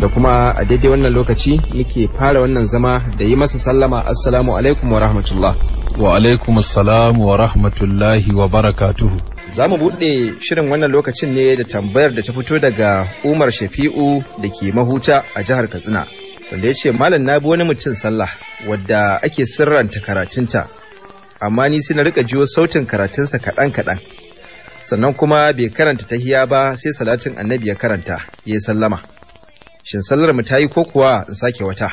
Da kuma a daidai wannan lokaci muke fara wannan zama da yi masa sallama assalamu alaikum wa rahmatullah wa alaikum assalam wa rahmatullahi wa barakatuhu za mu buɗe shirin wannan lokacin ne da tambayar da ta fito daga umar shafi'u da ke mahuta a jihar katsina wanda ya ce malam na bi wani mutum sallah wadda ake sirranta karatunta amma ni sai na rika jiwo sautin karatunsa kaɗan kaɗan sannan kuma bai karanta tahiya ba sai salatin annabi ya karanta ya sallama shin sallar mu ta yi ko kuwa in sake wata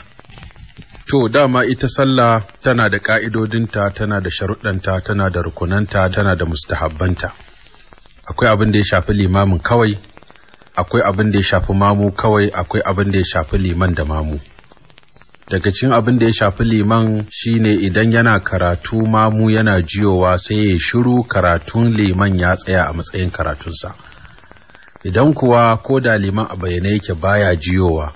To dama ita sallah tana da ƙa'idodinta, tana da sharuɗanta, tana da rukunanta, tana da mustahabbanta. Akwai abin da ya shafi limamin kawai, akwai abin da ya shafi mamu kawai, akwai abin da ya shafi liman da mamu. Daga cikin abin da ya shafi liman shine idan yana karatu mamu yana jiyowa sai ya shiru karatun liman ya tsaya a matsayin karatunsa. idan kuwa ko da liman a bayyane yake baya jiyowa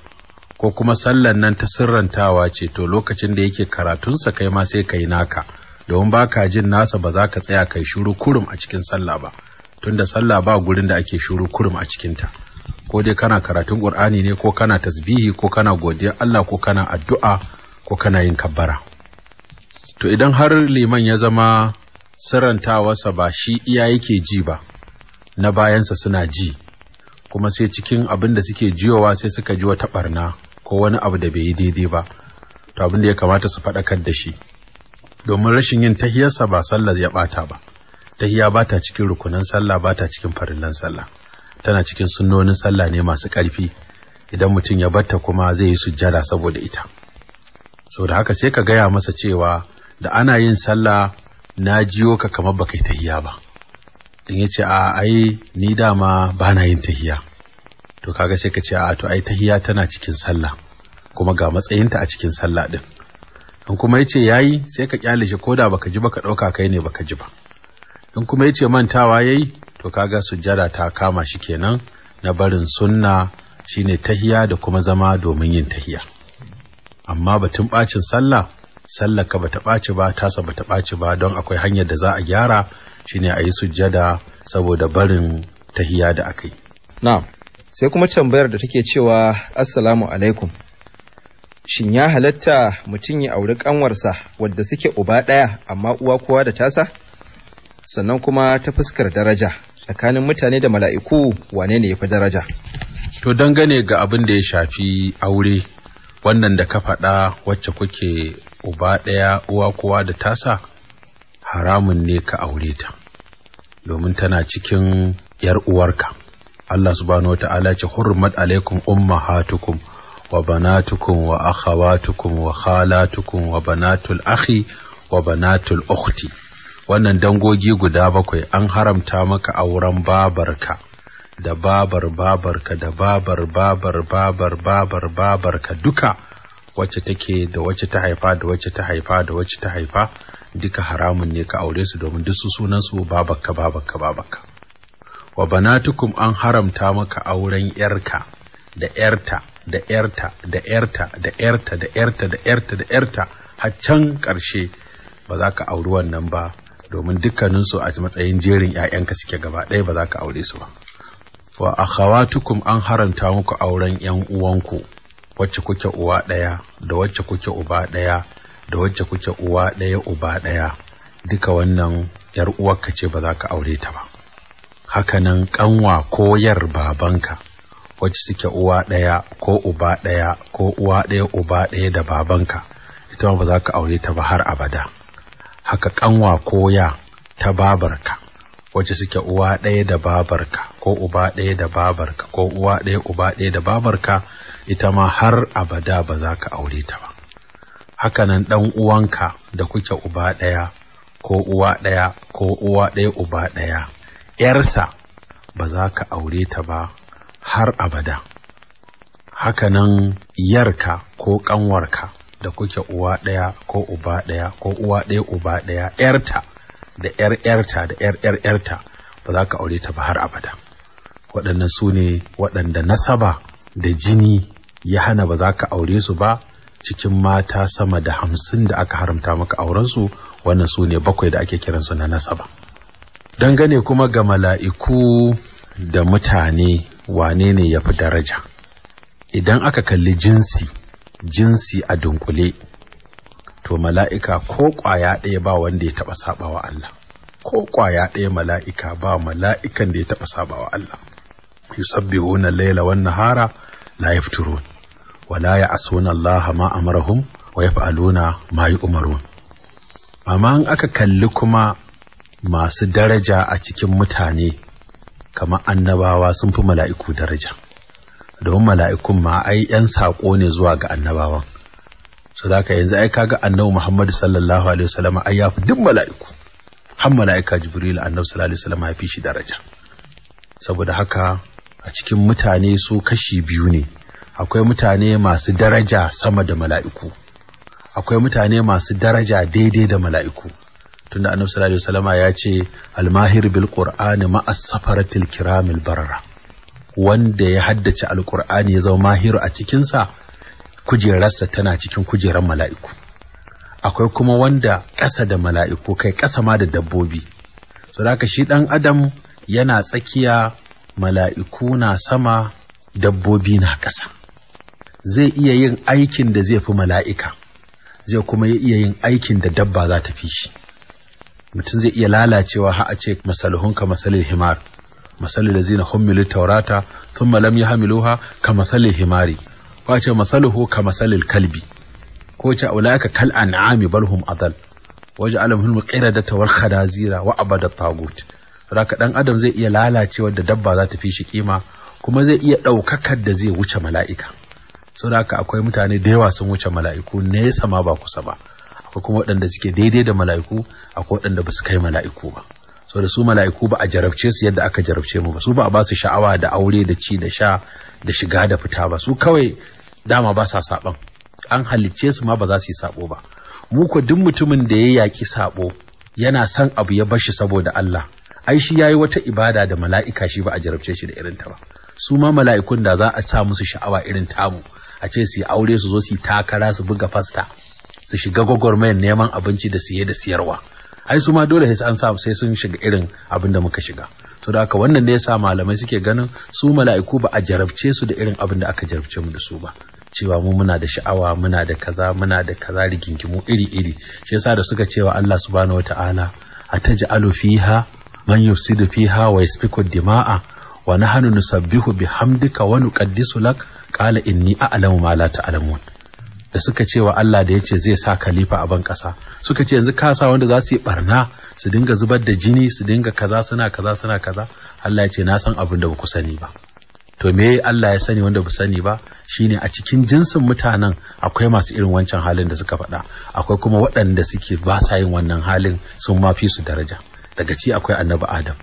ko kuma sallan nan ta sirrantawa ce to lokacin da yake karatunsa kai ma sai kai naka domin ba ka jin nasa ba za ka tsaya kai shuru kurum a cikin sallah ba tunda sallah ba gurin da ake shuru kurum a cikinta ko dai kana karatun qur'ani ne ko kana tasbihi ko kana godiya Allah ko kana addu'a ko kana yin kabbara to idan har liman ya zama sirrantawarsa ba shi iya yake ji ba na bayansa suna ji kuma sai cikin abin da suke jiyowa sai suka ji wata barna ko wani abu da bai yi daidai ba to abin da ya kamata su faɗakar da shi domin rashin yin tahiyarsa ba sallah ya ɓata ba tahiya ba ta cikin rukunan sallah ba ta cikin farillan sallah tana cikin sunnonin sallah ne masu ƙarfi idan mutum ya batta kuma zai yi sujjada saboda ita da haka sai ka gaya masa cewa da ana yin sallah na jiyo ka kamar baka yi tahiya ba in ya ce a ai ni dama ba na yin tahiya to kaga sai ka ce a to ai tahiya tana cikin sallah kuma ga matsayinta a cikin sallah din in kuma ya ce yayi sai ka kyale shi koda baka ji ba ka ɗauka kai ne baka ji ba in kuma ya ce mantawa yayi to kaga sujjada ta kama shi kenan na barin sunna shine tahiya da kuma zama domin yin tahiya amma batun bacin sallah Sallaka ka bata ɓaci ba tasa bata ɓaci ba don akwai hanyar da za a gyara shine a yi sujjada saboda barin tahiya da aka yi na'am sai kuma tambayar da take cewa assalamu alaikum shin ya halatta mutum ya auri ƙanwarsa wadda suke uba ɗaya amma uwa kowa da tasa sannan kuma ta fuskar daraja tsakanin mutane da mala'iku wane ne ya fi daraja to dangane ga abin da ya shafi aure wannan da ka faɗa wacce kuke uba ɗaya uwa kowa da tasa haramun ne ka aure ta domin tana cikin ‘yar uwarka. Allah subhanahu wata'ala ce hurmat alaikum ummahatukum wa banatukum wa akhawatukum wa khalatukum wa banatul akhi wa banatul ukhti wannan dangogi guda bakwai an haramta maka auren babarka da babar babarka da babar babar babar babar babarka duka wacce take da wacce ta haifa da wacce ta haifa da wacce ta haifa duka haramun ne ka aure su domin duk su sunan su babakka babakka babakka wa banatukum an haramta maka auren yarka da yarta da yarta da yarta da yarta da yarta da yarta da yarta har can karshe ba za ka auri wannan ba domin dukkaninsu a matsayin jerin 'ya'yanka suke gaba ɗaya ba za ka aure su ba wa akhawatukum an haramta muku auren 'yan uwanku wacce kuke uwa ɗaya da wacce kuke uba ɗaya da wacce kuke uwa ɗaya uba ɗaya duka wannan yar uwarka ce ba za ka aure ta ba nan ƙanwa ko yar babanka wacce suke uwa ɗaya ko uba ɗaya ko uwa ɗaya uba ɗaya da babanka ita ba za ka aure ta ba har abada haka ƙanwa ko ya ta babarka wacce suke uwa ɗaya da babarka ko uba ɗaya da babarka ko uwa ɗaya uba ɗaya da babarka ita ma har abada ba za ka aure ta ba hakanan ɗan uwanka da kuke uba ɗaya ko uwa ɗaya ko uwa ɗaya uba ɗaya ‘yarsa ba za ka aure ta ba har abada hakanan yarka ko ƙanwarka da kuke uwa ɗaya ko uba ɗaya ko uwa ɗaya uba ɗaya ‘yarta da ‘yar ‘yarta da ‘yar ‘yar ‘yarta ba za ka aure ta ba har abada waɗannan su ne waɗanda nasaba da jini ya hana ba za ka aure su ba cikin mata sama da hamsin da aka haramta maka aurensu wannan su ne bakwai da ake kiransu na nasaba dangane kuma ga mala'iku da mutane wane ne ya fi daraja idan aka kalli jinsi jinsi a dunkule to mala'ika ko ƙwaya ɗaya ba wanda ya taɓa saɓawa Allah ko ƙwaya ɗaya mala'ika ba mala'ikan da ya taɓa saɓawa Allah yusabbihuna laila wan nahara la yafturun wala ya asuna Allah ma amarahum wa yaf'aluna ma yu'marun amma in aka kalli kuma masu daraja a cikin mutane kamar annabawa sun fi mala'iku daraja domin mala'ikun ma ai saƙo ne zuwa ga annabawan su ka yanzu ai kaga annabi Muhammadu sallallahu alaihi wasallam ai ya fi duk mala'iku har mala'ika Jibril annabi sallallahu alaihi wasallam ya fi shi daraja saboda haka a cikin mutane su kashi biyu ne akwai mutane masu daraja sama da mala'iku akwai mutane masu daraja daidai da mala'iku tunda annabi sallallahu alaihi ya ce almahir bil qur'ani ma'as safaratil kiramil barara wanda ya haddace alqur'ani ya zama mahiru a cikinsa. kujerarsa tana cikin kujerar mala'iku akwai kuma wanda ƙasa da mala'iku kai ƙasa ma da dabbobi so haka shi dan adam yana tsakiya mala'iku na sama dabbobi na ƙasa zai iya yin aikin da zai fi mala'ika zai kuma iya yin aikin da dabba za ta fi shi mutum zai iya lalacewa ha a ce ka masalil himar masalil da zina hummilu taurata sun malam ya hamiluha ka masalil himari ko ce masalihu ka masalil kalbi ko ce a ula'ika kal an'ami balhum adal waje alamhul muqira da tawar khadazira wa abada tagut raka ɗan adam zai iya lalacewa da dabba za ta fi shi kima kuma zai iya ɗaukakar da zai wuce mala'ika saboda haka akwai mutane da yawa sun wuce mala'iku nesa ma ba kusa ba akwai kuma waɗanda suke daidai da mala'iku akwai waɗanda ba su kai mala'iku ba da su mala'iku ba a jarabce su yadda aka jarabce mu ba su ba a ba su sha'awa da aure da ci da sha da shiga da fita ba su kawai dama ba sa saɓan an halicce su ma ba za su yi saɓo ba mu ko duk mutumin da ya yaƙi saɓo yana son abu ya bar shi saboda Allah ai shi ya yi wata ibada da mala'ika shi ba a jarabce shi da irin ta ba su ma mala'ikun da za a sa musu sha'awa irin tamu a ce su aure su zo su takara su buga fasta su shiga gwagwarmayar neman abinci da siye da siyarwa ai su ma dole sai an samu sai sun shiga irin abin da muka shiga to da haka wannan ne yasa malamai suke ganin su mala'iku ba a jarabce su da irin abin da aka jarabce mu da su ba cewa mu muna da sha'awa muna da kaza muna da kaza rigingimu iri-iri shi yasa da suka cewa Allah subhanahu wataala ataj'alu fiha man yufsidu fiha wa yasfiku dima'a wa nahnu nusabbihu bihamdika wa nuqaddisu lak Kala inni a'lamu ma la ta'lamun da suka ce wa Allah da yace zai sa khalifa a ban kasa suka ce yanzu kasa wanda za su yi barna su dinga zubar da jini su dinga kaza suna kaza suna kaza Allah ya ce na san abin da ba ku sani ba to me Allah ya sani wanda ba sani ba shine a cikin jinsin mutanen akwai masu irin wancan halin da suka faɗa akwai kuma waɗanda suke ba sa yin wannan halin sun ma fi su daraja daga ci akwai annabi Adam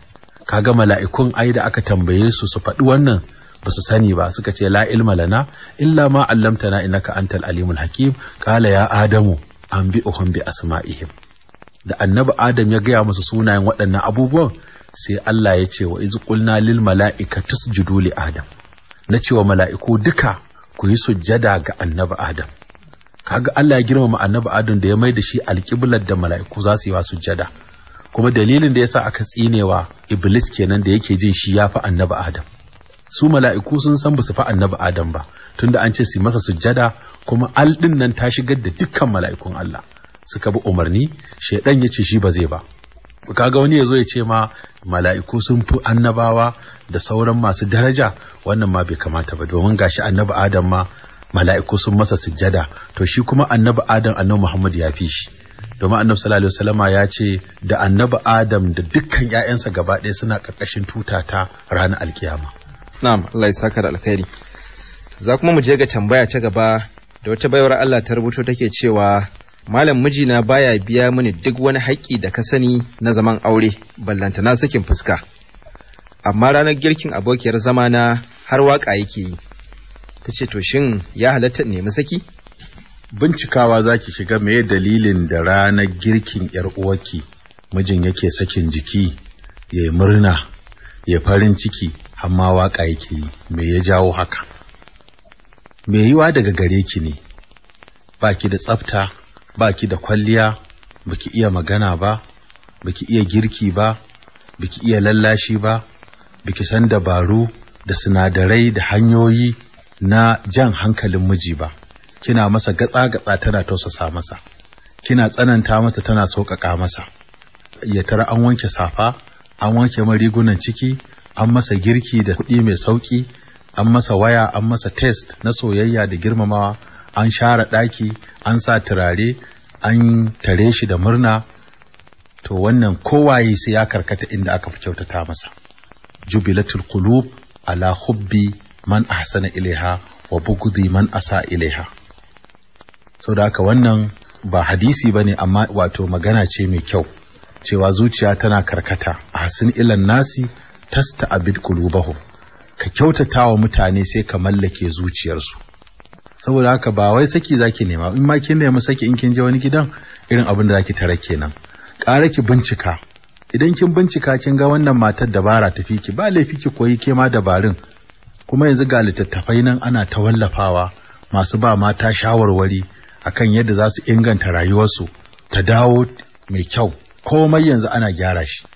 kaga mala'ikun ai da aka tambaye su su faɗi wannan ba su sani ba suka ce la ilma lana illa ma allamtana innaka antal alimul hakim Kala ya adamu an bi uhum bi asma'ihim da annabi adam ya gaya musu sunayen waɗannan abubuwan sai Allah ya ce wa iz qulna lil mala'ika tusjudu li adam na cewa mala'iku duka ku yi sujjada ga annabi adam kaga Allah ya girmama annabi adam da ya mai da shi alƙiblar da mala'iku za su yi wa sujjada kuma dalilin da yasa aka tsinewa iblis kenan da yake jin shi yafi annabi adam su mala'iku sun san ba su fa annabi adam ba tunda an ce su masa sujjada kuma al din nan ta shigar da dukkan mala'ikun Allah suka bi umarni shedan ya ce shi ba zai ba kaga wani ya zo ya ce ma mala'iku sun fi annabawa da sauran masu daraja wannan ma bai kamata ba domin gashi annabi adam ma mala'iku sun masa sujjada to shi kuma annabi adam annabi muhammad ya fi shi domin annabi sallallahu alaihi wasallama ya ce da annabi adam da dukkan ƴaƴansa gaba ɗaya suna ƙarƙashin tuta ta ranar alkiyama na'am Allah ya saka da alkhairi za kuma mu je ga tambaya ta gaba da wata baiwar Allah ta rubuto take cewa malam mijina baya biya mini duk wani haƙƙi da ka sani na zaman aure ballanta na sakin fuska amma ranar girkin abokiyar zama na har waƙa yake yi ta ce to shin ya halatta nemi saki bincikawa za ki shiga me dalilin da ranar girkin yar uwarki mijin yake sakin jiki ya yi murna ya farin ciki amma waka yake yi me ya jawo haka me yiwa daga gare ki ne baki da tsafta baki da kwalliya baki iya magana ba baki iya girki ba baki iya lallashi ba baki san dabaru da sinadarai da hanyoyi na jan hankalin miji ba kina masa gatsa-gatsa tana tausasa masa kina tsananta masa tana sauƙaƙa masa ya tara an wanke safa an wanke marigunan ciki an masa girki da kuɗi mai sauƙi an masa waya an masa test na soyayya da girmamawa an share ɗaki an sa turare an tare shi da murna to wannan kowaye sai ya karkata inda aka fi kyautata masa jubilatul qulub ala hubbi man ahsana ilaiha wa bugudi man asa ilaiha so da haka wannan ba hadisi bane amma wato magana ce mai kyau cewa zuciya tana karkata ahsin ilan nasi tasta abid kulubahu ka kyautata wa mutane sai ka mallake zuciyarsu saboda haka ba wai saki zaki nema in ma kin nemi saki in kin je wani gidan irin abin da zaki tare kenan ƙara ki bincika idan kin bincika kin ga wannan matar dabara tafi ki ba laifi ki koyi ke ma dabarun kuma yanzu ga littattafai nan ana ta wallafawa masu ba mata shawarwari akan yadda za su inganta rayuwarsu ta dawo mai kyau komai yanzu ana gyara shi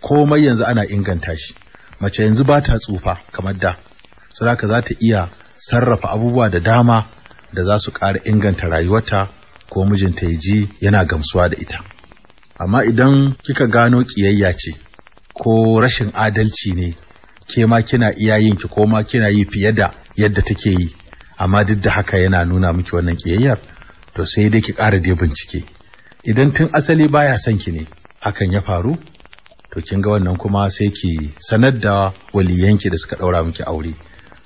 komai yanzu ana inganta shi mace yanzu ba ta tsufa kamar da saboda za ta iya sarrafa abubuwa da dama da za su ƙara inganta rayuwarta ko mijinta ya ji yana gamsuwa da ita amma idan kika gano ƙiyayya ce ko rashin adalci ne ke ma kina iya yin ki ko ma kina yi fiye da yadda take yi amma duk da haka yana nuna miki wannan ƙiyayyar to sai dai ki ƙara dai bincike idan tun asali baya son ki ne hakan ya faru to kin ga wannan kuma sai ki sanar da waliyanki da suka daura miki aure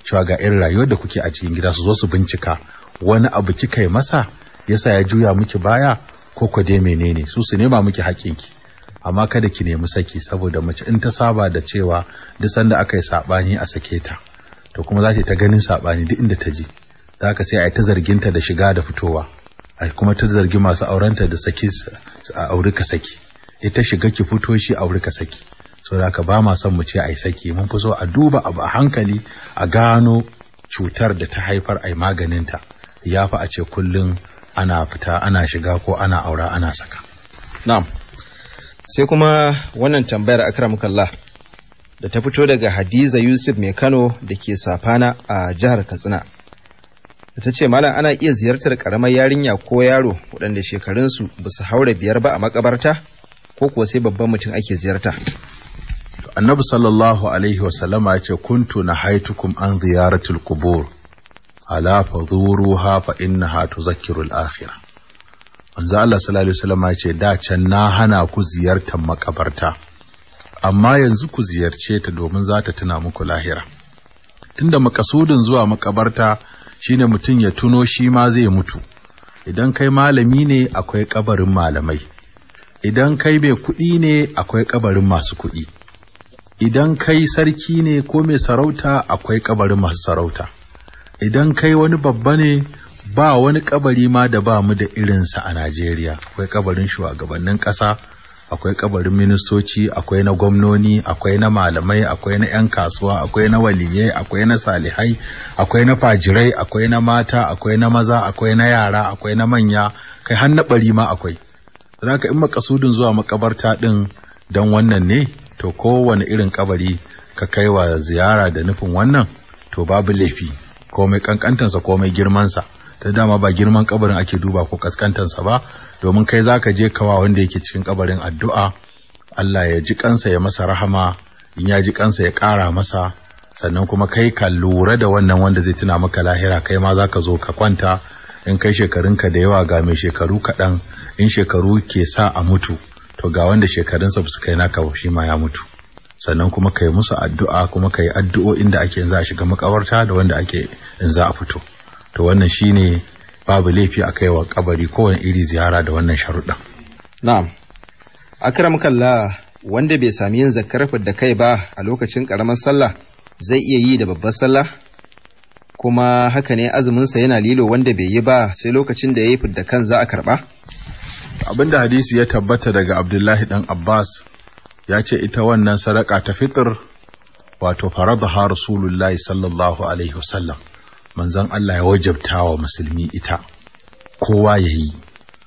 cewa ga irin rayuwar da kuke a cikin gida su zo su bincika wani abu kika yi masa yasa ya juya miki baya ko ko dai menene su su nema miki ki. amma kada ki nemi saki saboda mace in ta saba da cewa duk sanda aka yi sabani a sake ta to kuma za ta ganin saɓani duk inda ta je za ka sai a yi ta zarginta da shiga da fitowa a kuma ta zargi masu aurenta da saki a aure ka saki ita shiga ki fito shi wuri ka saki so da ba ma son mu ce ai saki mun fi so a duba abu a hankali a gano cutar da ta haifar ai maganinta ya fi a ce kullum ana fita ana shiga ko ana aura ana saka na'am sai kuma wannan tambayar kallah da ta fito daga hadiza yusuf mai kano da ke safana a jihar katsina ta ce malam ana iya ziyartar karamar yarinya ko yaro waɗanda shekarunsu ba su haura biyar ba a makabarta ko kuwa sai babban mutum ake ziyarta annabi sallallahu alaihi wasallama ya ce kuntu na haitukum an ziyaratul kubur ala fa ha fa innaha tuzakkirul akhirah manzo Allah sallallahu alaihi wasallama ya ce da can na hana ku ziyartar makabarta amma yanzu ku ziyarce ta domin za ta tuna muku lahira tunda makasudin zuwa makabarta shine mutum ya tuno shi ma zai mutu idan kai malami ne akwai kabarin malamai idan kai mai kuɗi ne akwai kabarin masu kuɗi idan kai sarki ne ko mai sarauta akwai kabarin masu sarauta idan kai wani babba ne ba wani kabari ma da ba mu da irinsa a Najeriya akwai kabarin shugabannin ƙasa akwai kabarin ministoci akwai na gwamnoni akwai na malamai akwai na 'yan kasuwa akwai na waliyai akwai na salihai akwai na fajirai akwai na mata akwai na maza akwai na yara akwai na manya kai har na bari ma akwai Zaka in makasudin zuwa makabarta din don wannan ne to kowane irin kabari ka kai wa ziyara da nufin wannan to babu laifi komai kankantansa komai girmansa ta dama ba girman kabarin ake duba ko kaskantansa ba domin kai zaka je kawa wanda yake cikin kabarin addu'a Allah ya ji kansa ya masa rahama in ya ji kansa ya kara masa sannan kuma kai ka lura da wannan wanda zai tuna maka lahira kai ma zaka zo ka kwanta in kai shekarunka da yawa ga mai shekaru kaɗan in shekaru ke sa a mutu to ga wanda shekarunsa ba su kai naka shi ma ya mutu sannan kuma kai musu addu'a kuma kai addu'o'in da ake za a shiga makabarta da wanda ake in za a fito to wannan shine babu laifi a kaiwa kabari kowane iri ziyara da wannan sharuɗa. na'am akram kalla wanda bai sami yin zakar da kai ba a lokacin karamar sallah zai iya yi da babbar sallah kuma haka ne azuminsa yana lilo wanda bai yi ba sai lokacin da ya yi fidda kan za a karba? abinda hadisi ya tabbata daga abdullahi dan abbas ya ce ita wannan sadaka ta fitar wato faradha rasulullahi sallallahu alaihi wasallam manzon Allah ya wajabta wa musulmi ita kowa ya yi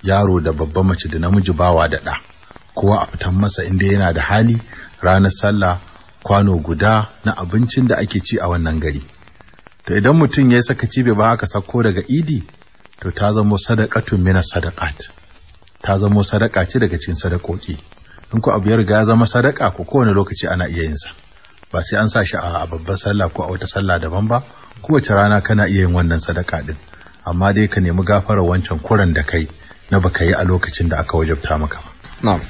yaro da babba mace da namiji bawa da ɗa kowa a fitan masa inda yana da hali ranar sallah kwano guda na abincin da ake ci a wannan gari to idan mutum ya saka cibe ba haka sako daga idi to ta zamo sadaqatun mina sadaqat ta zamo sadaka ce daga cikin sadakoki in ku abu ya riga ya zama sadaka ko kowane lokaci ana iya yin sa ba sai an sa shi a babbar sallah ko a wata sallah daban ba kowace rana kana iya yin wannan sadaka din amma dai ka nemi gafara wancan kuran da kai na baka yi a lokacin da aka wajabta maka ba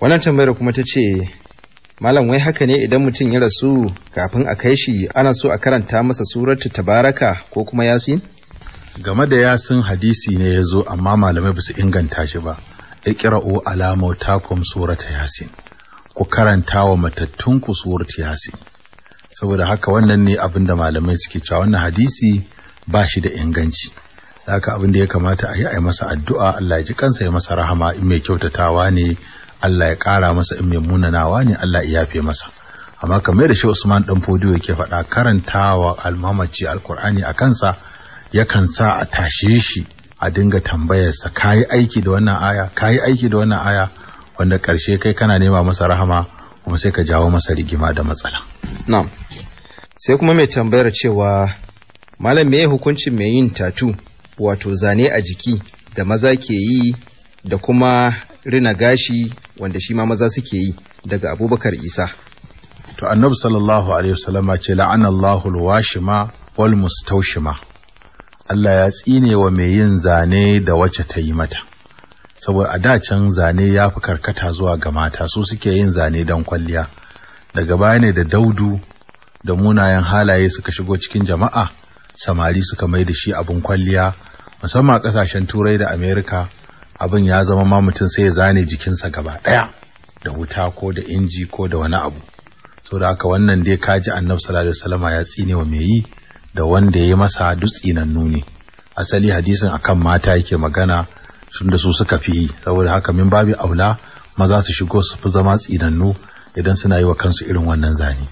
wannan tambayar kuma ta ce malam wai haka ne idan mutum ya rasu kafin a kai shi ana so a karanta masa suratu tabaraka ko kuma yasin game da yasin hadisi ne ya zo amma malamai ba su inganta shi ba iqra'u ala mautakum surata yasin ku karanta wa matattunku surata yasin saboda haka wannan ne abin da malamai suke cewa wannan hadisi ba shi da inganci haka abin da ya kamata a yi a masa addu'a Allah ya ji kansa ya masa rahama in mai kyautatawa ne Allah ya ƙara masa in mai munanawa ne Allah ya yafe masa amma kamar da shi Usman dan Fodiyo yake faɗa karantawa almamaci alkur'ani a kansa yakan sa a tashe shi a dinga tambayarsa kayi aiki da wannan aya kayi aiki da wannan aya wanda karshe kai kana nema masa rahama kuma sai ka jawo masa rigima da matsala na'am sai kuma mai tambayar cewa malam me hukuncin mai yin tatu wato zane a jiki da maza ke yi da kuma rina gashi wanda shi ma maza suke yi daga abubakar isa to annabi sallallahu alaihi wasallama ce la'anallahu alwashima wal mustaushima Allah ya tsine wa mai yin zane da wacce ta yi mata saboda a da can zane ya fi karkata zuwa ga mata su suke yin zane don kwalliya daga baya ne da daudu da munayen halaye suka shigo cikin jama'a samari suka mai da shi abin kwalliya musamman a ƙasashen turai da amerika abin ya zama ma mutum sai ya zane jikinsa gaba ɗaya da wuta ko da inji ko da wani abu so da haka wannan dai kaji annabi sallallahu alaihi wasallam ya tsine wa mai yi da wanda ya yi masa dutsi nan nuni asali hadisin kan mata yake magana sun da su suka fi yi saboda haka min babi aula maza su shigo su fi zama tsinannu idan suna yi wa kansu irin wannan zane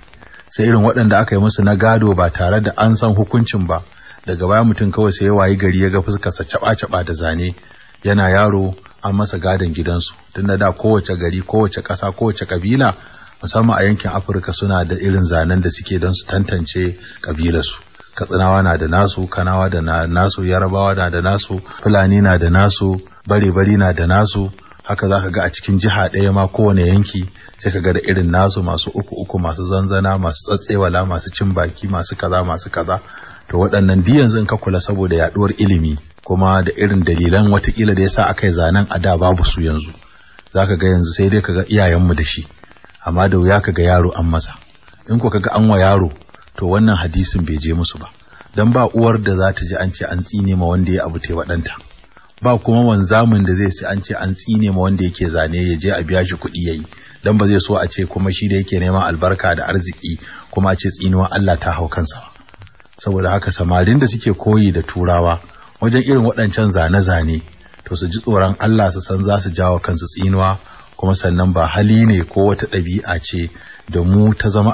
sai irin waɗanda aka yi musu na gado ba tare da an san hukuncin ba daga baya mutum kawai sai ya wayi gari ya ga fuskarsa caɓa-caɓa da zane yana yaro an masa gadon gidansu tunda da kowace gari kowace ƙasa kowace kabila musamman a yankin afirka suna da irin zanen da suke don su tantance kabilarsu. katsinawa na da nasu kanawa da nasu yarabawa na da nasu fulani na da nasu bare-bari na da nasu haka za ka ga a cikin jiha ɗaya ma kowane yanki sai ka ga da irin nasu masu uku uku masu zanzana masu tsatsewala masu cin baki masu kaza masu kaza to waɗannan di yanzu ka kula saboda yaɗuwar ilimi kuma da irin dalilan watakila da yasa aka yi zanen a da babu su yanzu zaka ga yanzu sai dai ka kaga iyayenmu da shi amma da wuya ka ga yaro an masa in ko ga an wa yaro to wannan hadisin bai je musu ba dan ba uwar da za ta ji an ce an tsine ma wanda ya abu wa danta ba kuma wanzamin da zai ce an ce an tsine ma wanda yake zane ya je a biya shi kuɗi yayi dan ba zai so a ce kuma shi da yake neman albarka da arziki kuma a ce tsinuwa Allah ta hau kansa saboda haka samarin da suke koyi da turawa wajen irin waɗancan zane-zane to su ji tsoron Allah su san za su jawo kansu tsinuwa kuma sannan ba hali ne ko wata ɗabi'a ce da mu ta zama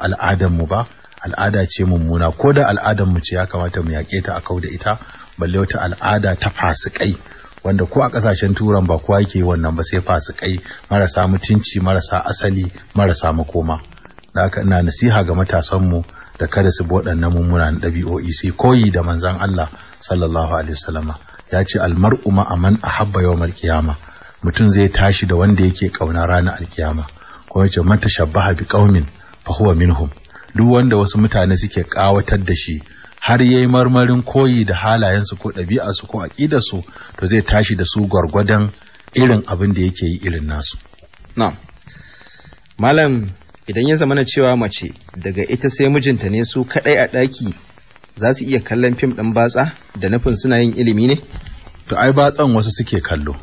mu ba al'ada ce mummuna ko da al'adarmu ce ya kamata mu yaƙe ta a kau da ita balle wata al'ada ta fasikai wanda ko a ƙasashen turan ba kowa yake wannan ba sai fasikai marasa mutunci marasa asali marasa makoma da haka ina nasiha ga matasanmu da kada su bi waɗannan mummunan ɗabi'o'i sai koyi da manzan Allah sallallahu alaihi wasallama ya ce almar'u a man habba yawmal qiyama mutum zai tashi da wanda yake kauna ranar alkiyama ko yace man tashabbaha bi qaumin fa huwa minhum duk wanda wasu mutane suke kawatar da shi har yayi marmarin koyi da halayensu ko ɗabi'arsu ko su to zai tashi da su gwargwadon irin abin da yake yi irin nasu na'am malam idan ya zamana cewa mace daga ita sai mijinta ne su kadai a ɗaki za su iya kallon fim ɗin batsa da nufin suna yin ilimi ne? To ai batsan wasu suke kallo.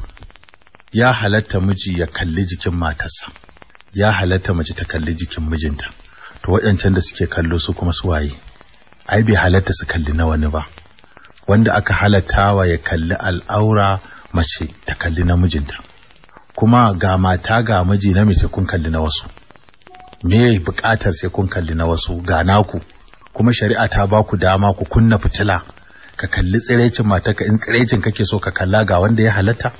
Ya halatta miji ya kalli jikin matarsa. Ya halatta mace ta kalli jikin mijinta. To waɗancan da suke kallo su kuma su waye. Ai bai halatta su kalli na wani ba. Wanda aka halatta wa ya kalli al'aura mace ta kalli na mijinta. Kuma ga mata ga miji na mace kun kalli na wasu. Me bukatar sai kun kalli na wasu ga naku. kuma shari'a ta ba ku dama ku kunna fitila ka kalli tsirecin ka in tsirecin kake so ka kalla ga wanda ya halatta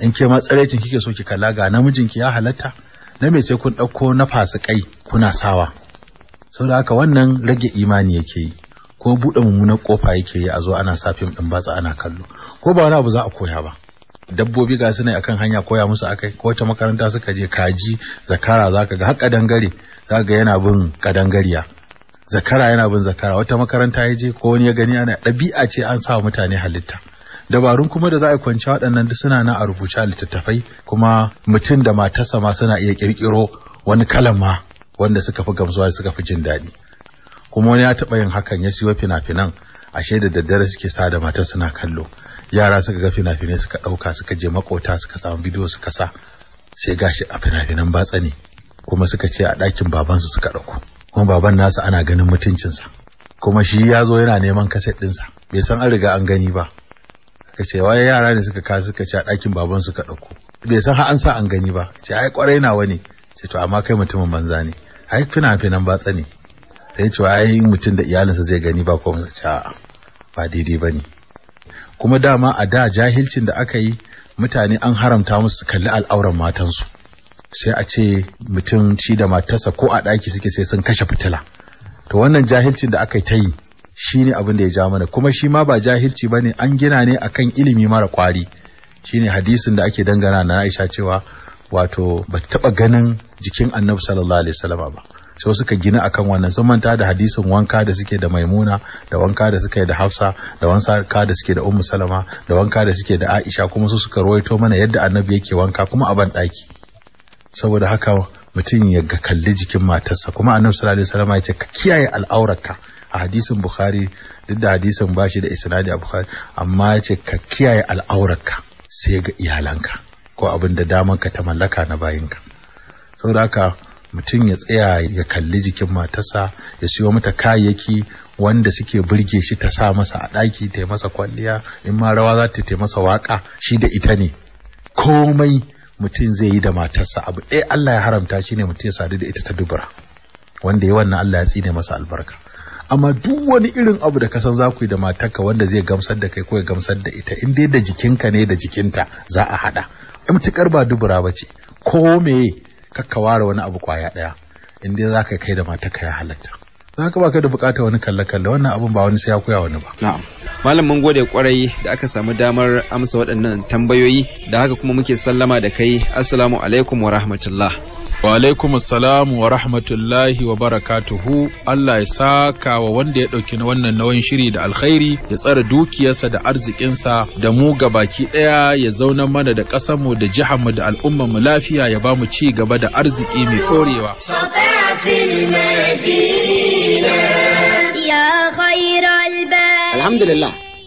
in ke ma tsirecin kike so ki kalla ga namijinki ya halatta na me sai kun ɗauko na fasikai kuna sawa saboda haka wannan rage imani yake yi ko buɗe mummunar kofa yake yi a zo ana sa fim ɗin batsa ana kallo ko ba wani abu za a koya ba dabbobi ga su ne akan hanya koya musu akai ko wata makaranta suka je kaji zakara zaka ga har kadangare zaka ga yana bin ƙadangariya. zakara yana bin zakara wata makaranta ya je ko wani ya gani ana ɗabi'a ce an sa mutane halitta dabarun kuma da za a kwanci waɗannan duk suna na a rubuce a littattafai kuma mutum da matarsa ma suna iya ƙirƙiro wani kalan ma wanda suka fi gamsuwa suka fi jin daɗi kuma wani ya taɓa yin hakan ya siyo fina-finan ashe da daddare suke sa da matar suna kallo yara suka ga fina-finai suka ɗauka suka je makota suka samu bidiyo suka sa sai gashi a fina-finan batsa ne kuma suka ce a ɗakin babansu suka ɗauku. kuma baban nasa ana ganin mutuncinsa kuma shi ya zo yana neman kaset ɗinsa bai san an riga an gani ba suka ce waye yara ne suka kasu suka ce a ɗakin baban ka ɗauko bai san har an sa an gani ba ce ai kwarai nawa ne ce to amma kai mutumin banza ne ai fina-finan batsa ne sai ce ai mutum da iyalinsa zai gani ba ko ce a ba daidai ba ne kuma dama a da jahilcin da aka yi mutane an haramta musu kalli al'auran matansu sai a ce mutum shi da matarsa ko a ɗaki suke sai sun kashe fitila to wannan jahilcin da aka ta yi shi ne abin da ya ja mana kuma shi ma ba jahilci ba ne an gina ne akan ilimi mara kwari shi ne hadisin da ake dangana na Aisha cewa wato ba taɓa ganin jikin annabi sallallahu alaihi wasallama ba sai suka gina akan wannan sun manta da hadisin wanka da suke da maimuna da wanka da suke da hafsa da wanka da suke da ummu salama da wanka da suke da aisha kuma su suka rawaito mana yadda annabi yake wanka kuma a ban ɗaki saboda haka mutum ya ga kalli jikin matarsa kuma annabi sallallahu alaihi wasallam ya ce ka kiyaye al'aurarka a hadisin bukhari duk da hadisin bashi da isnadi a bukhari amma ya ce ka kiyaye al'aurarka sai ga iyalanka ko abin da ka ta mallaka na bayinka saboda haka mutum ya tsaya ya kalli jikin matarsa ya siyo mata kayayyaki wanda suke burge shi ta sa masa a ɗaki ta masa kwalliya in ma rawa za ta masa waka shi da ita ne komai mutum zai yi da matarsa abu ɗaya eh, Allah ya haramta shi ne mutum ya sadu da ita ta dubura wanda ya wannan Allah ya tsine masa albarka amma duk wani irin abu da kasan za ku yi da matarka wanda zai gamsar da kai ko ya gamsar da ita in dai da jikinka ne da jikinta za a haɗa eh, mutukar ba dubura ba ce ko meye kakka ware wani abu kwaya ɗaya in dai za ka kai da matarka ya halatta haka ba ka da bukata wani kalle-kalle wannan abun ba wani sai ya koya wani ba. Malam mun gode kwarai da aka samu damar amsa waɗannan tambayoyi da haka kuma muke sallama da kai assalamu alaikum wa rahmatullah. Wa alaikum assalam wa rahmatullahi wa barakatuhu Allah ya saka wa wanda ya ɗauki wannan nauyin shiri da alkhairi ya tsara dukiyarsa da arzikinsa da mu baki ɗaya ya zauna mana da ƙasarmu da mu da al'ummarmu lafiya ya ba mu ci gaba da arziki mai ɗorewa. الحمد لله